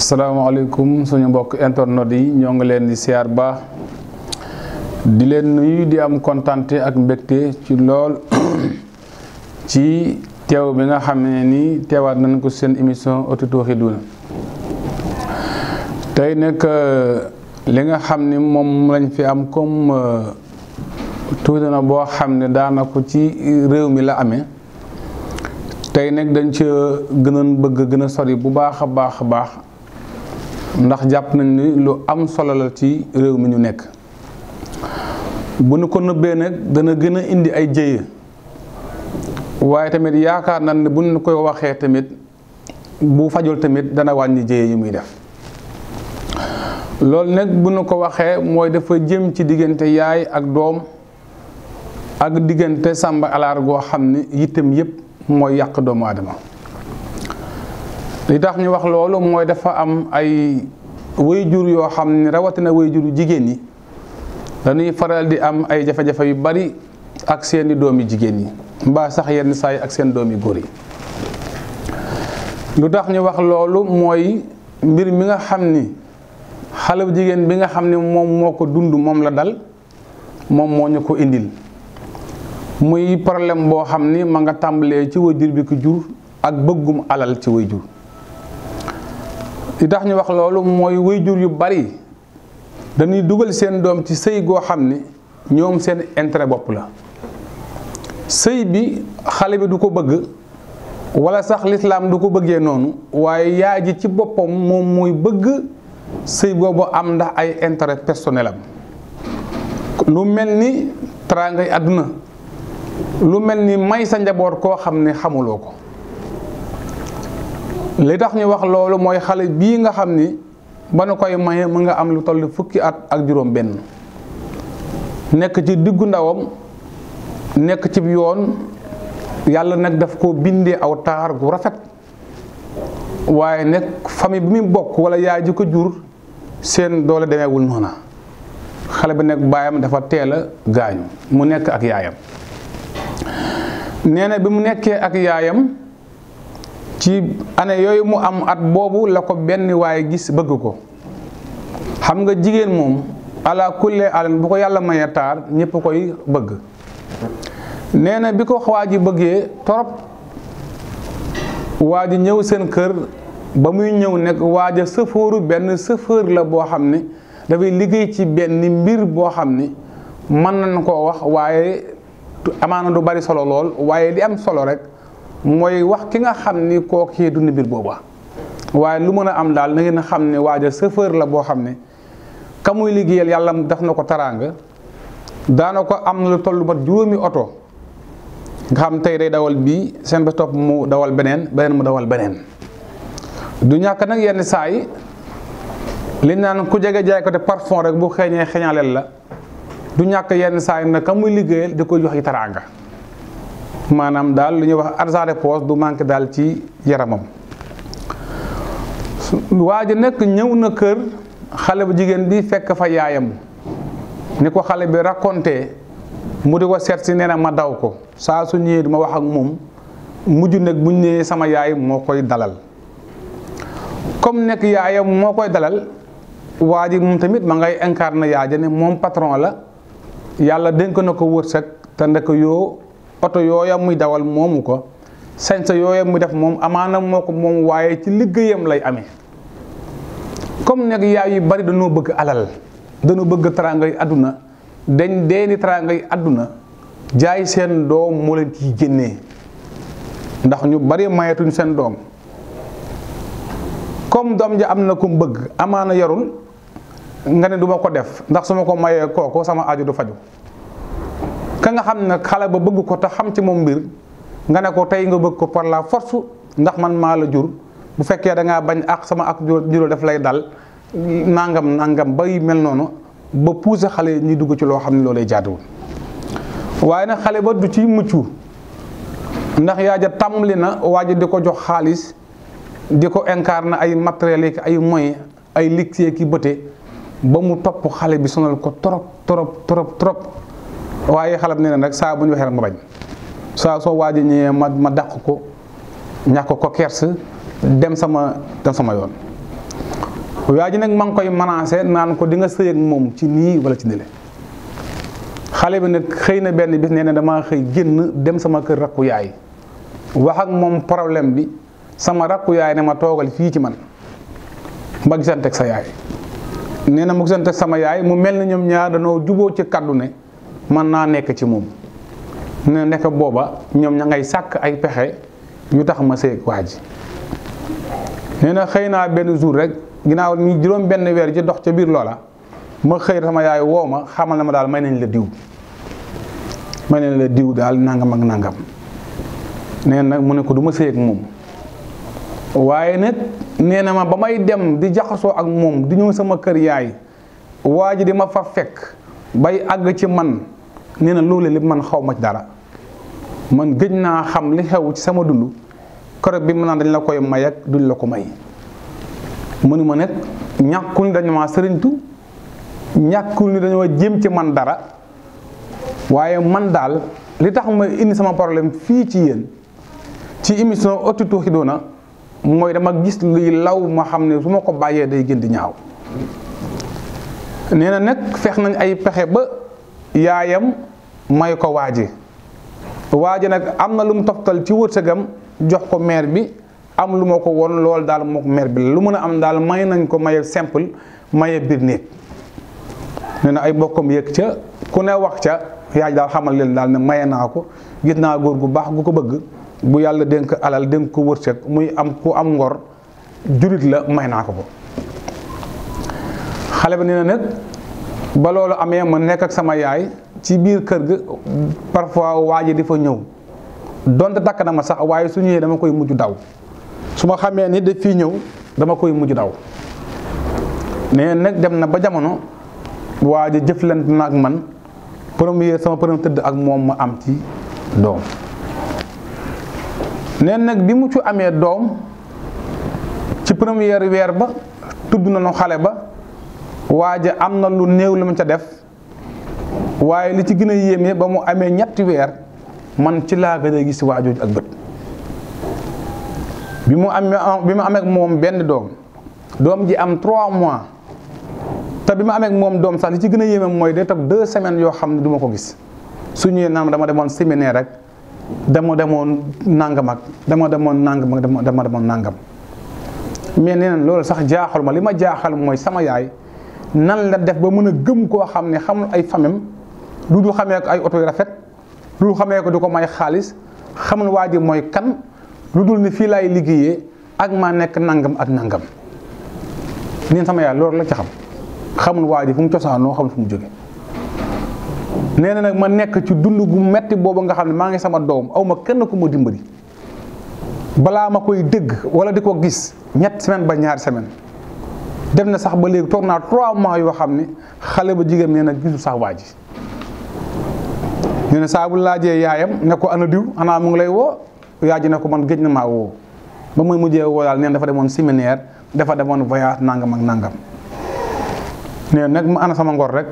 Assalamualaikum, suñu mbokk internet yi ñoo ngi leen di siar ba, di leen nuyu di am contenté ak mbekté ci lool ci teew bi nga xamné ni teewaat nañ ko seen émission Eutou Tawhidouna tey nag euh, li nga xamné mom lañ fi am comme euh, tout na bo xamné da daana ko ci réew mi la amé tay nak dañ ci gënoon bëgg gëna sori bu baaxa baaxa baax ndax jàpp nañ ni lu am solo ci réew mi ñu nekk bu nu ko nëbbee nag dana gën a indi ay jëye waaye tamit yaakaar nañ ne bu nu koy waxee tamit bu fajul tamit dana wàññi jëye yi muy def loolu nag bu nu ko waxee mooy dafa jëm ci diggante yaay ak doom ak diggante sàmba alaar goo xam ne yittam yépp mooy yàq doomu aadama li tax ñu wax loolu mooy dafa am ay wayjur yoo xam ne rawatina wayjur jigéen ñi dañuy faral di am ay jafe-jafe yu bari ak seeni doomi jigéen ñi mbaa sax yenn saa yi ak seen doomi góor yi lu tax ñu wax loolu mooy mbir mi nga xam ni xale jigéen bi nga xam ne moom moo ko dund moom la dal moom moo ñu indil muy problème boo xam ni ma nga tàmbalee ci wayjur bi ko jur ak bëggum alal ci wayjur li tax ñu wax loolu mooy wayjur yu bari dañuy dugal seen doom ci sëy goo xam ne ñoom seen intérêt bopp la sëy bi xale bi du ko bëgg wala sax lislaam du ko bëggee noonu waaye yaay ji ci boppam moom mooy bëgg sëy boobu am ndax ay intérêt personnel am lu mel ni teraangay àdduna lu mel ni may sa njaboot koo xam ne xamuloo ko li tax ñu wax loolu mooy xale bii nga xam ni ba nu koy maye mu nga am lu toll fukki at ak juróom benn nekk ci diggu ndawam nekk ci yoon yàlla nag daf koo bindee aw taar gu rafet waaye nag famille bi mu bokk wala yaay ji ko jur seen doole demewul noona xale bi nag baayam dafa teel a gaañu mu nekk ak yaayam nee na bi mu nekkee ak yaayam ci année yooyu mu am at boobu la ko benn waaye gis bëgg ko xam nga jigéen moom ala kulle alin bu ko yàlla maya taar ñëpp koy bëgg nee na bi ko waa ji bëggee torop waa ñëw seen kër ba muy ñëw nekk waaja sëfooru benn sëfër la boo xam ne dafay liggéey ci benn mbir boo xam ne mën nañ koo wax waaye amaana du bari solo lool waaye li am solo rek moy wax ki nga xamni ko koo dund bir boba waaye lu mën am dal na ngeen xamni waja waaja chauffeur la bo xamni kamuy ka yalla liggéeyal def nako taranga taraanga am lu tollu mat juromi auto nga xam tay day dawal bi sen ba top mu dawal benen benen mu dawal benen du ñak nak yenn saay li nane ku jégué jaay ko té parfum rek bu xéñé xéñalel la du ñak yenn saay nak kamuy ka diko jox yi taranga maanaam daal lu ñuy wax argent de manqué daal ci yaramam waa ji nekk ñëw na kër xale bu jigéen bi fekk fa yaayam ni ko xale bi raconté mu di ko seet si nee na ma daw ko saa su ñëwee duma wax ak moom mujj nag bu ñu sama yaay moo koy dalal comme nekk yaayam moo koy dalal waa ji moom tamit ma ngay incarné yaay ja ne moom patron la yàlla dénk na ko wërsëg te ndek yoo auto yoya muy dawal moomu ko sañsa muy def mom, amana moko mom waye ci liggeyam lay amé comme nek yaay yu bari dañu bëgg alal dañu bëgg taraangay aduna, dañ déni taraangay aduna, jaay sen dom mo leen ci génnee ndax ñu bari mayatuñ sen dom comme dom ja amna na ku bëgg amana yarul nga ne duma ko def ndax sama ko maye koko sama aju du faju ka nga xam ne kota ba bëgg ko ta xam ci mom bir nga ne ko tay nga bëgg ko par la force ndax man ma la jur bu fekke da nga bañ ak sama ak juróo daf lay dal nangam nangam bay mel nonu ba pousé xalé ñi dugg ci lo xamni lolay loolay waye waaye xalé ba du ci muccu ndax ya ja tàmbali na waa ji jox xaliss diko incarner ay matériel ay moyens ay ki beuté ba mu top xalé bi sonal ko torop torop torop torop waye xalam neena nak sa buñu waxe ñu ma bañ saa so waji ñe ma ma dakk ko ñàkk ko kers dem sama dem sama yoon waji nak mang koy menacer nan ko di nga sëy ak mom ci ni wala ci nile xale bi nak xeyna benn bis neena dama xey genn dem sama keur rakku yaay wax ak mom problème bi sama rakku yaay ne ma togal fi ci man ma ak sa yaay neena mu gisante sama yaay mu melni ñom ñoom ñaar danoo juboo ci kaddu ne man naa nekk ci moom ne nekk booba ñoom ña ngay sàkk ay pexe yu tax ma sëy waa ji nee na xëy naa benn jour rek ginnaaw ñu juróom benn weer ji dox ca biir loola ma xëy sama yaay woo ma xamal na ma daal may nañ la diw may nañ la diw daal nangam ak nangam nee nag mu ne ko du ma sëy ak moom waaye nag nee na ma ba may dem di jaxasoo ak moom di ñëw sama kër yaay waa ji di ma fa fekk bay àgg ci man nee na loolu lépp man xaw ma ci dara man gëj naa xam li xew ci sama dund keroog bi mu naan dañ la koy may ak duñ la ko may mënu ma nag ñàkkul ni dañu ma sëriñtu ñàkkul ni dañoo jëm ci man dara waaye man daal li tax ma indi sama problème fii ci yéen ci émission Ëttu Tawhidoona mooy dama gis luy law ma xam ne su ma ko bàyyee day gën di ñaaw nee na nag feex nañ ay pexe ba yaayam may ko waa ji nag am na lu mu toftal ci wërsëgam jox ko maire bi am lu ma ko woon lool daal moo ko maire bi lu mën a am daal may nañ ko maye simple maye biir néeg nee na ay bokkam yëg ca ku ne wax ca yaay daal xamal leen daal ne maye naa ko gis naa góor gu baax gu ko bëgg bu yàlla dénk alal dénk ko wërsëg muy am ku am ngor jurit la may naa ko ko xale bi ne na nag ba loolu amee ma nekk ak sama yaay ci biir kër gi parfois waa ji di fa ñëw donte takk na ma sax waaye su ñëwee dama koy mujj daw su ma xamee ni daf fii ñëw dama koy mujj daw mais nag dem na ba jamono waa ji jëflante na ak man premier sama premier tëdd ak moom ma am ci doom neen nag bi mu ci amee doom ci première weer ba tudd nu xale ba waa am na lu néew lu mu ca def waaye li ci gën a yéeme ba mu amee ñetti weer man ci laa gën a gis waajooju ak bët bi mu amee bi mu amee moom benn doom doom ji am trois mois te bi mu amee moom doom sax li ci gën a yéeme mooy day toog deux semaines yoo xam ne duma ko gis su ñëwee naan dama demoon séminaire rek dama demoon nangam ak dama demoon nangam ak dama demoon nangam mais nee loolu sax jaaxal ma li ma jaaxal mooy sama yaay nan la def ba mën a gëm koo xam ne xamul ay famem du ñu xamee ko ay oto yu rafet du xamee ko di ko may xaalis xamul waa ji mooy kan lu dul ni fii laay liggéeyee ak maa nekk nangam ak nangam neen sama yaay loolu la ci xam xamul waa ji fu cosaan cosaanoo xam ne mu jóge nee na nag ma nekk ci dund gu metti boobu nga xam ne maa ngi sama doom aw ma kenn ku ma dimbali balaa ma koy dégg wala di ko gis ñett semaine ba ñaari semaine dem na sax ba léegi toog naa trois mois yoo xam ne xale ba jigéen nee na gisul sax waa ji nee na saa bu laajee yaayam ne ko ana diw anaa mu ngi lay woo yaay ji ne ko man géej na maa woo ba muy mujjee woo daal neen dafa demoon séminaire dafa demoon voyage nangam ak nangam nee nag mu ana sama ngor rek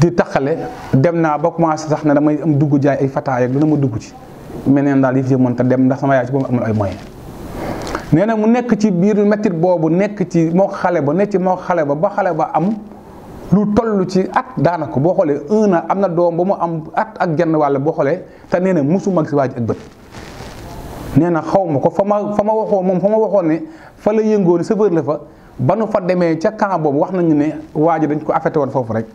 di taxale dem naa ba commencé sax ne damay am dugg jaay ay fataay ak ma dugg ci mais daal yëf yi mën dem ndax sama yaay ci boobu ay moyens nee na mu nekk ci biir mettit boobu nekk ci moo xale ba nekk ci moo xale ba ba xale ba am lu toll ci at daanaka boo xoolee un am na doom ba mu am at ak genn wàll boo xoolee te nee mosuma musuma gis waa ak bët nee na xaw ma ko fa ma fa ma waxoo moom fa ma waxoon ne fa la yëngoon chauffeur la fa ba nu fa demee ca camp wax nañu ne waa dañ ko affecté woon foofu rek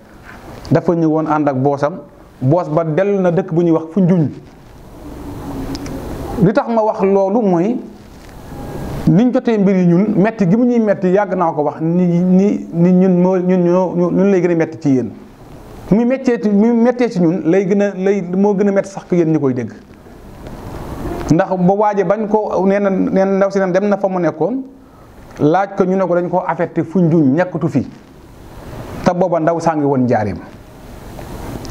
dafa ñëwoon ànd ak boosam boos ba dellu na dëkk bu ñuy wax fu njuñ li tax ma wax loolu mooy niñ jotee mbir yi ñun metti gi mu ñuy metti yàgg naa ko wax ni ni ni ñun moo ñun ñoo ñun lay gën a metti ci yéen muy mettee ci muy mettee ñun lay gën a lay moo gën a metti sax ko yéen ñu koy dégg ndax ba waaje bañ ko nee na nee ndaw si ne dem na fa mu nekkoon laaj ko ñu ne ko dañ koo affecté fu njuñ ñàkkatu fi te booba ndaw saa ngi woon njaareem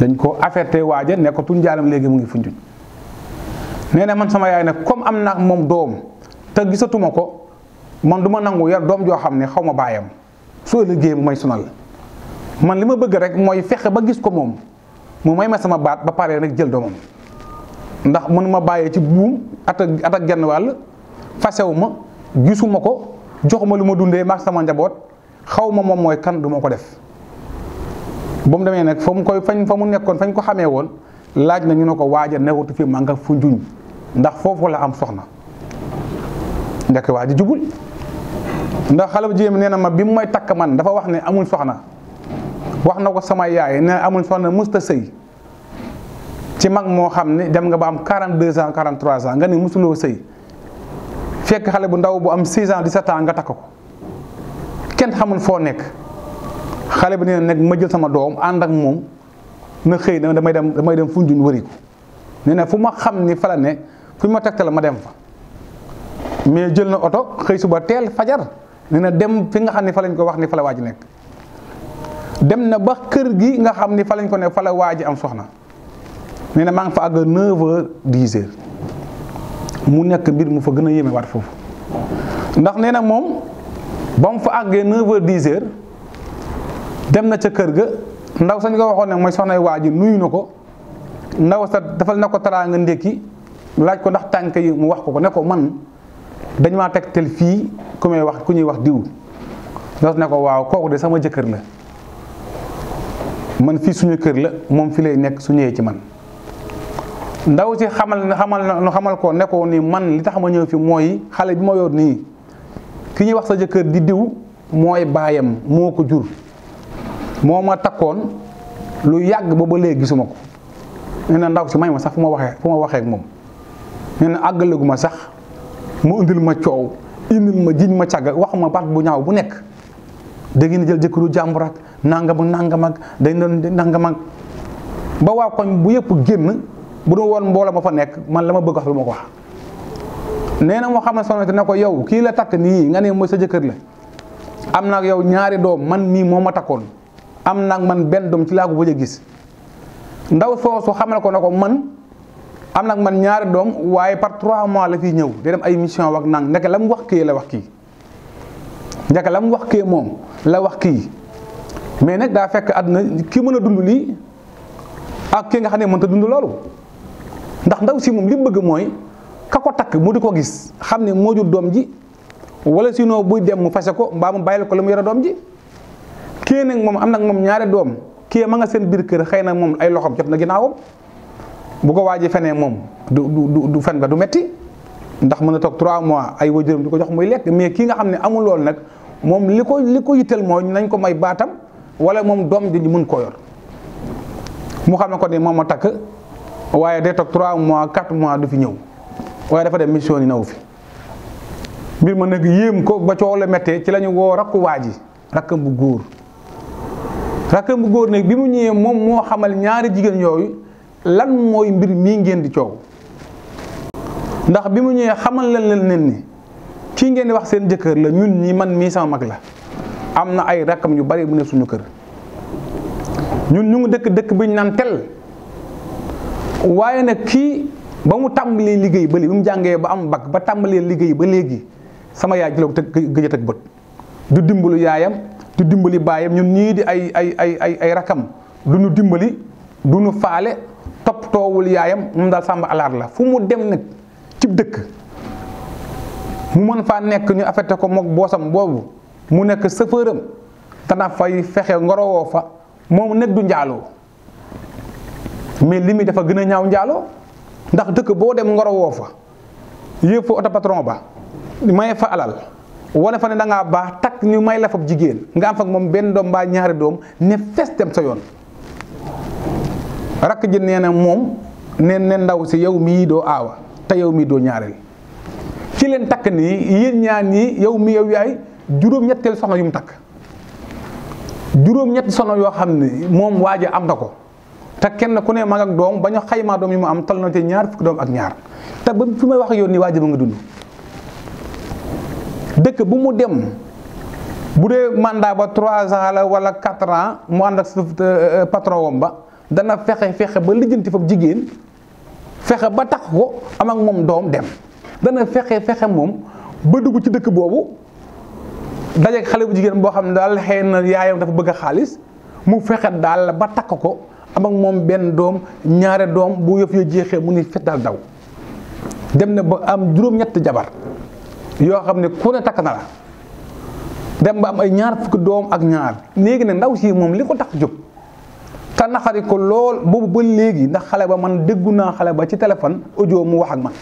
dañ ko affecté waaje nekkatul njaareem léegi mu ngi fu njuñ nee na man sama yaay nag comme am na moom doom te gisatuma ko man du ma nangu yar doom joo xam ne xaw ma baayam soo liggéey mu may sonal man li ma bëgg rek mooy fexe ba gis ko moom mu may ma sama baat ba pare rek jël doomam ndax mënu ma bàyyee ci buum at ak genn wàll fasewu ma gisuma ko joxuma lu ma dundee maak sama njaboot xaw ma moom mooy kan duma ko def ba mu demee nag fa mu koy fañ fa mu nekkoon fañ ko xamee woon laaj na ñu ne ko waaja newatu fi ma nga fu njuñ ndax foofu la am soxna ndekk waa ji jubul ndax xale bu jigéen bi nee na ma bi mu may takk man dafa wax ne amul soxna wax na ko sama yaay ne amul soxna musta sëy ci mag moo xam ne dem nga ba am 42 ans 43 ans nga ne musuloo sëy fekk xale bu ndaw bu am 6 ans 17 ans nga takk ko kenn xamul foo nekk xale bi nee na ma jël sama doom ànd ak moom na xëy na damay dem damay dem Foundiougne wëri ko na fu ma xam ni fala ne fu ma la ma dem fa. mais jël na oto xëy suba teel fajar dina dem fi nga xam ne fa lañ ko wax ni fa la waa ji nekk dem na ba kër gi nga xam ni fa lañ ko ne fa waa ji am soxna nee na maa ngi fa àgg 9h mu nekk mbir mu fa gën a yemewaat foofu ndax nee na moom ba mu fa àggee 9h dem na ca kër ga ndaw sañ ko waxoon ne mooy soxna waa ji nuyu na ko ndaw sa defal na ko taraanga ndékki laaj ko ndax tànk yi mu wax ko ko ne ko man. dañ maa tel fii ku may wax ku ñuy wax diw doot ne ko waaw kooku de sama jëkkër la man fii suñu kër la moom fi lay nekk su ñëwee ci man ndaw si xamal xamal nu xamal ko ne ko ni man li tax ma ñëw fi mooy xale bi ma yor nii ki ñuy wax sa jëkkër di diw mooy baayam moo ko jur moo ma takkoon lu yàgg ba ba léegi gisuma ko nee na ndaw si may ma sax fu ma waxee fu ma waxee ak moom nee na àggalaguma sax mu indil ma coow indil ma jiñ ma càgg waxuma baat bu ñaaw bu nekk da ngeen jël jëkkëru jàmbur ak nangam ak nangam ak dañ doon ba waa koñ bu yëpp génn bu doon woon mboola ma fa nekk man la ma bëgg wax lu ma ko nee na moo xam ne sonate na ko yow kii la takk nii nga ne mooy sa jëkkër la am na ak yow ñaari doom man mii moo ma takkoon am na man benn doom ci laa ko bëgg a gis ndaw soosu xamal ko na ko man. amna ak man ñaar dom waye par 3 mois la fi ñew di dem ay mission wak nang nek lam wax ke la wax ki nek lam wax ke mom la wax ki mais nag da fekk aduna ki meuna dund li ak ki nga xane ne mënta dund lolu ndax ndaw si mom li bëgg moy ka ko mu di ko gis xamne mo moo dom ji wala sinon buy dem mu fassé ko mbaa mu bàyyil ko lu mu yore doom ji kii nak mom amna ak mom ñaar dom kii ma nga seen bir keur xeyna na ay loxom jot na ginaawum bu ko waajee fenee moom du du du fen ba du metti ndax mën a toog trois mois ay waajuram di ko jox muy lekk mais kii nga xam ne amul lool nag moom li ko li ko yitteel mooy nañ ko may baatam wala moom doom ji mën koo yor mu xam ne ko ni moom a takk waaye day toog 3 mois 4 mois du fi ñëw waaye dafa dem mission yi naw fi mbir ma yéem ko ba coow la ci la ñu woo rakku waa ji rakkam bu góor rakkam bu góor nag bi mu ñëwee moom moo xamal ñaari jigéen yooyu. lan mooy mbir mii ngeen di coow ndax bi mu ñëwee xamal leen leen nen kii ngeen di wax seen jëkkër la ñun ñi man mii sama mag la am na ay rakkam yu bari mu ne suñu kër ñun ñu ngi dëkk dëkk bi ñu naan tel waaye nag kii ba mu tàmbalee liggéey ba léegi bi mu ba ba tàmbalee liggéey ba léegi sama yaay jëloo tëg gëj a tëg bët du dimbalu yaayam du dimbali baayam ñun ñii di ay ay ay ay ay rakkam du dimbali du ñu faale top toptoowul yaayam moom dal samba alar la fu mu dem nak ci dekk mu mën fa nek ñu affecté ko mok bosam bobu mu nekk sëfëram dana fay ngoro wo fa mom nag du ndialo mais limi dafa gëna ñaaw ndialo ndax dekk bo dem wo fa yëpp fa patron ba may fa alal wala fa ne da nga ba tak ñu may la fa jigéen nga am fa mom ben dom ba ñaari dom ne fess dem sa yoon rakk ji nee na moom ne na ndaw si yow mii doo aawa te yow mii doo ñaareel ci leen takk nii yéen ñaar ñii yow mii yow yaay juróom-ñetteel soxna yu mu takk juróom-ñetti soxna yoo xam ne moom waa am na ko te kenn ku ne mag ak doom ba ñu xaymaa doom yi mu am toll na te ñaar fukki doom ak ñaar te ba fi may wax yoon nii waa ji ba nga dund dëkk bu mu dem bu dee mandat ba trois ans la wala quatre ans mu ànd ak euh, patron wom ba dana fexé fexé ba lijeenti fa jigen fexé ba tax ko am ak mom dom dem dana fexé fexé mom ba duggu ci dëkk boobu dajeeg xalé bu jigen bo xam dal daal yaayam dafa bëgg xaaliss mu fexé dal ba takk ko am ak mom ben dom ñaare dom bu yëf yo ya jeexee mu ni fetal daw dem na ba am juroom ñett jabar yo xamne ne ku ne tak na la dem ba am ay ñaar fukki dom ak ñaar léegi ne ndaw si mom liko tak tax te naxari ko lool boobu ba léegi ndax xale ba man déggu naa xale ba ci téléphone audio mu wax ak man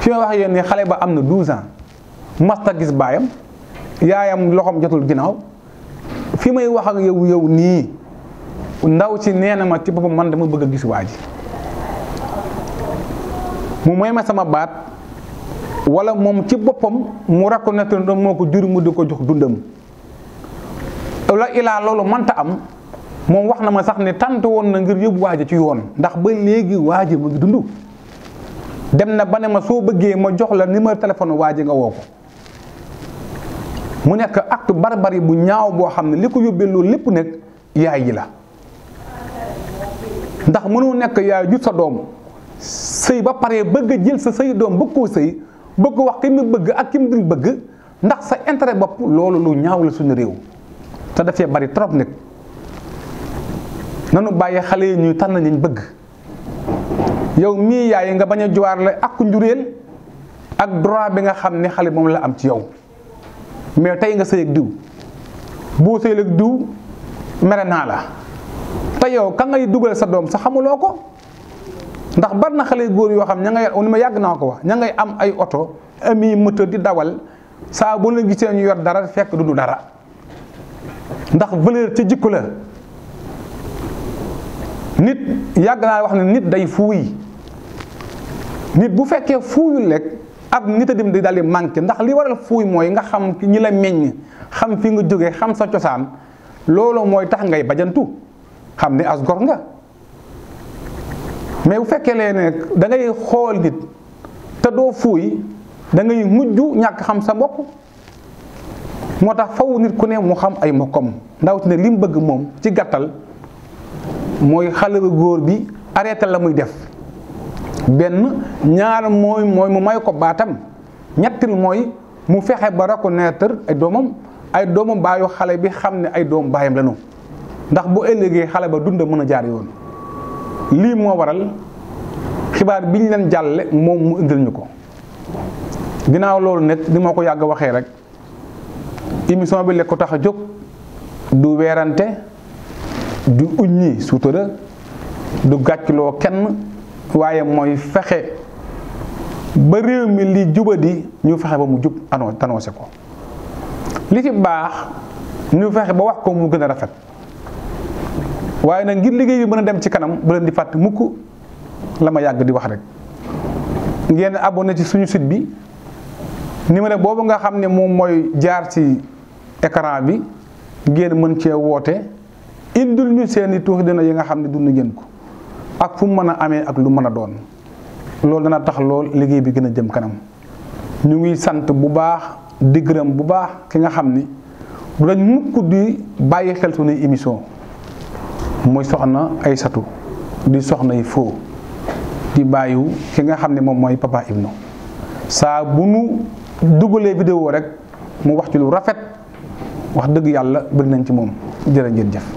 fi may wax yéen xale ba am na 12 ans masta gis baayam yaayam loxoom jotul ginnaaw fi may wax ak yow yow nii ndaw si nee na ma ci boppam man dama bëgg a gis waa ji mu may ma sama baat wala moom ci boppam mu rakku ne moo ko jur mu di ko jox dundam la ilaa loolu mënta am moom wax na ma sax ne tànt woon na ngir yóbbu waaja ci yoon ndax ba léegi waaja mu ngi dund dem na ba ne ma soo bëggee ma jox la numéro téléphone waaja nga woo ko mu nekk acte barbari bu ñaaw boo xam ne li ko yóbbee loolu lépp nag yaay yi ndax mënoo nekk yaay jur sa doom sëy ba pare bëgg jël sa sëy doom bëgg koo sëy bëgg wax ki bëgg ak ki dul bëgg ndax sa intérêt bopp loolu lu ñaaw la suñu réew te dafee bari trop nag nanu baye xalé ñu tan nañu bëgg yow mi yaay nga baña juwar la ak njureel ak droit bi nga ne mom la am ci yow mais tay nga sey ak diw bo sey ak diw mere na la tay yow ka ngay dugal sa dom sa xamuloko ndax bar na xale góor xam ñanga ngay ma wax ñanga am ay auto ami moteur di dawal sa bu la gisee ñu yor dara fekk du du dara ndax valeur ci jikko la nit yàgg naa wax ne nit day fuuy nit bu fekkee fuuyul rek ab nit a dem di daal di manqué ndax li waral fuuy mooy nga xam ñi la meññ xam fi nga jóge xam sa cosaan loolu mooy tax ngay bajantu xam ne as gor nga mais bu fekkee lee ne da ngay xool nit te doo fuuy dangay mujj ñàkk xam sa mbokk moo tax faw nit ku ne mu xam ay mbokkam ndaw ci ne li bëgg moom ci gàttal mooy xale bu góor bi arrêté la muy def benn ñaar mooy mooy mu may ko baatam ñettil mooy mu fexe ba reconnaître ay doomam ay doomu baayu xale bi xam ne ay doomu baayam lañu ndax bu ëllëgee xale ba dund mën a jaar yoon lii moo waral xibaar bi ñu leen jàlle moom mu indil ñu ko ginnaaw loolu nag di ma ko yàgg waxee rek émission bi la ko tax a jóg du weerante du uññi suutara du gàccloo kenn waaye mooy fexe ba réew mi li di ñu fexe ba mu jub ano annoncé ko li ci baax ñu fexe ba wax ko mu gën a rafet waaye nag ngir liggéey bi mën a dem ci kanam bu leen di fàtte mukk la ma yàgg di wax rek ngeen abonné ci suñu sit bi numéro boobu nga xam ne moom mooy jaar ci écran bi ngeen mën cee woote indil ñu seeni tuuxi dina yi nga xam ne dund ngeen ko ak fu mu mën a amee ak lu mën a doon loolu dana tax lool liggéey bi gën a jëm kanam ñu ngi sant bu baax di gërëm bu baax ki nga xam ni du dañ mukk di bàyyi xel suñuy émission muy soxna ay satu di soxna yi foo di bàyyiwu ki nga xam ne moom mooy papa ibnu saa bu nu dugalee vidéo rek mu wax ci lu rafet wax dëgg yàlla bëgg nañ ci moom jërë ngeen jëf